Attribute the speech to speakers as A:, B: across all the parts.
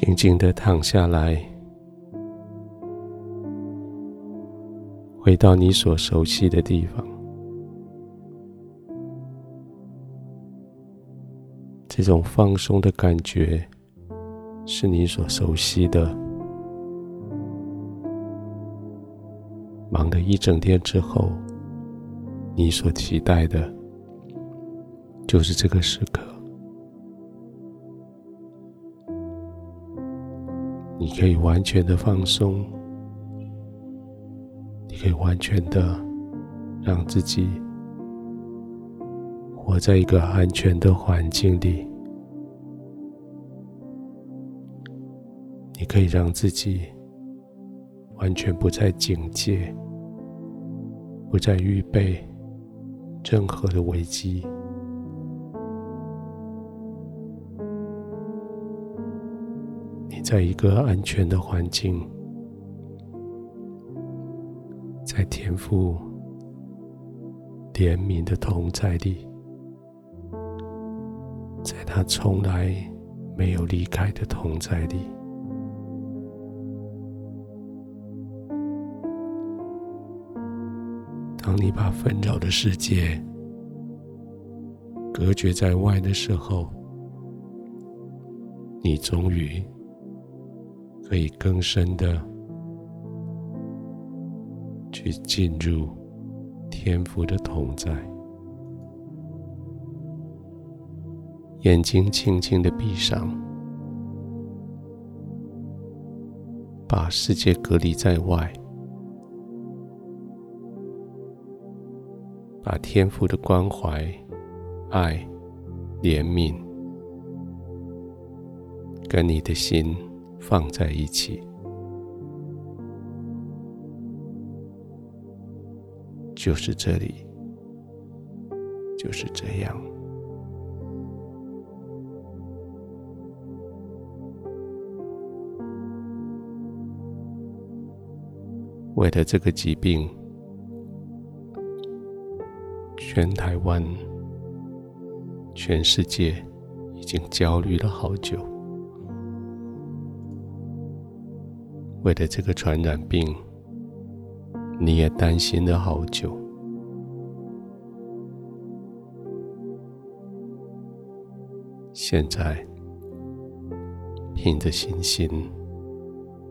A: 靜靜的躺下來，回到你所熟悉的地方。這種放鬆的感覺是你所熟悉的。忙了一整天之後，你所期待的就是這個時刻。你可以完全的放鬆，你可以完全的讓自己活在一個安全的環境裡，你可以讓自己完全不再警戒，不再預備任何的危機。在一個安全的環境，在天父憐憫的同在裡，在他從來沒有離開的同在裡。當你把紛擾的世界隔絕在外的時候，你終於。可以更深的去進入天父的同在。眼睛輕輕的閉上，把世界隔離在外，把天父的關懷、愛、憐憫跟你的心。放在一起，就是這裡，就是這樣。為了這個疾病，全台灣、全世界已經焦慮了好久。為了這個傳染病，你也擔心了好久。現在，憑着信心，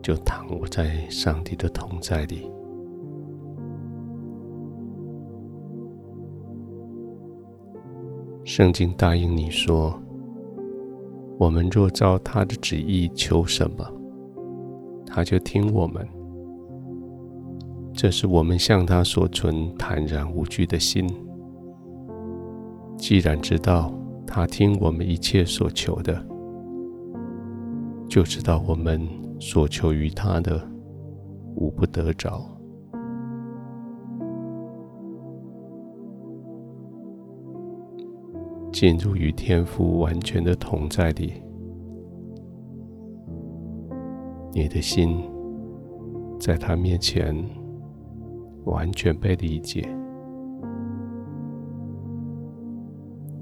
A: 就躺臥在上帝的同在裡。聖經答應你說：“我們若照他的旨意求什麼？”他就聽我們，這是我們向他所存坦然無懼的心。既然知道他聽我們一切所求的，就知道我們所求於他的，無不得着，進入與天父完全的同在裡。你的心在他面前，完全被理解。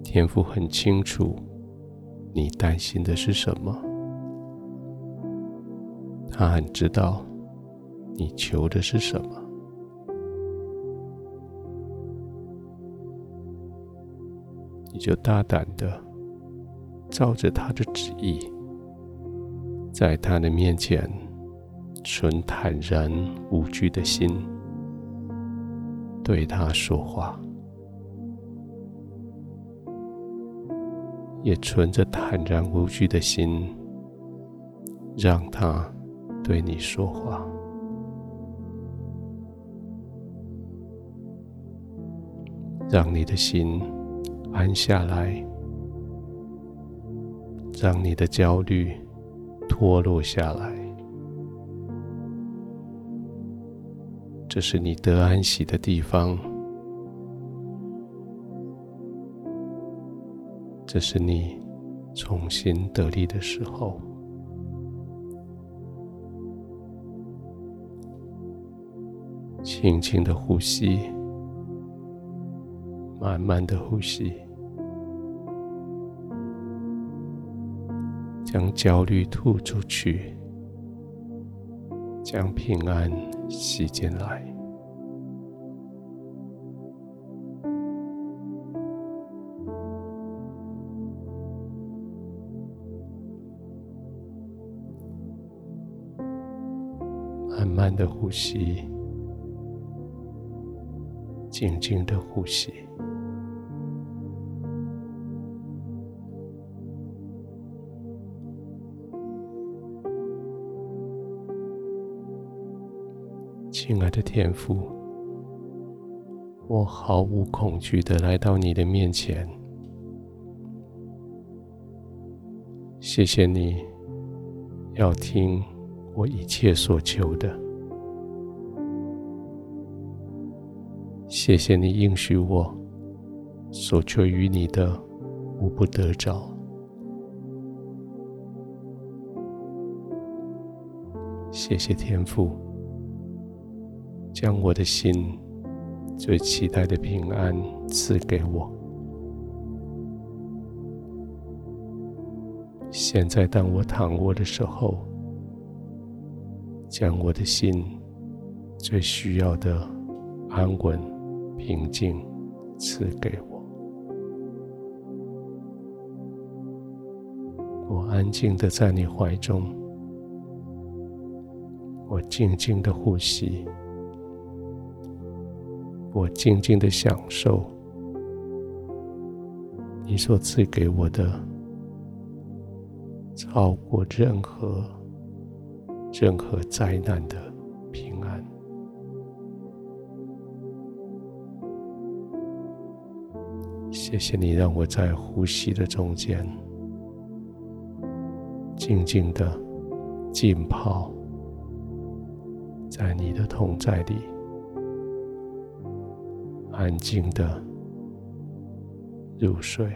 A: 天父很清楚，你擔心的是什麼，他很知道你求的是什麼。你就大膽的照着他的旨意，在他的面前，存坦然無懼的心，對他說話；也存着坦然無懼的心，讓他對你說話，讓你的心安下來，讓你的焦慮。躺臥下來，這是你得安息的地方，這是你重新得力的時候。輕輕的呼吸，慢慢的呼吸。將焦慮吐出去，將平安吸進來。慢慢的呼吸，靜靜的呼吸。親愛的天父，我毫無恐懼的來到你的面前。謝謝你要聽我一切所求的，謝謝你應許我所求於你的無不得着。謝謝天父。將我的心最期待的平安賜給我。現在，當我躺臥的時候，將我的心最需要的安穩、平靜賜給我。我安靜的在你懷中，我靜靜的呼吸。我靜靜的享受你所賜給我的，超過任何任何災難的平安。謝謝你讓我在呼吸的中間，靜靜的浸泡在你的同在裡。安靜的入睡。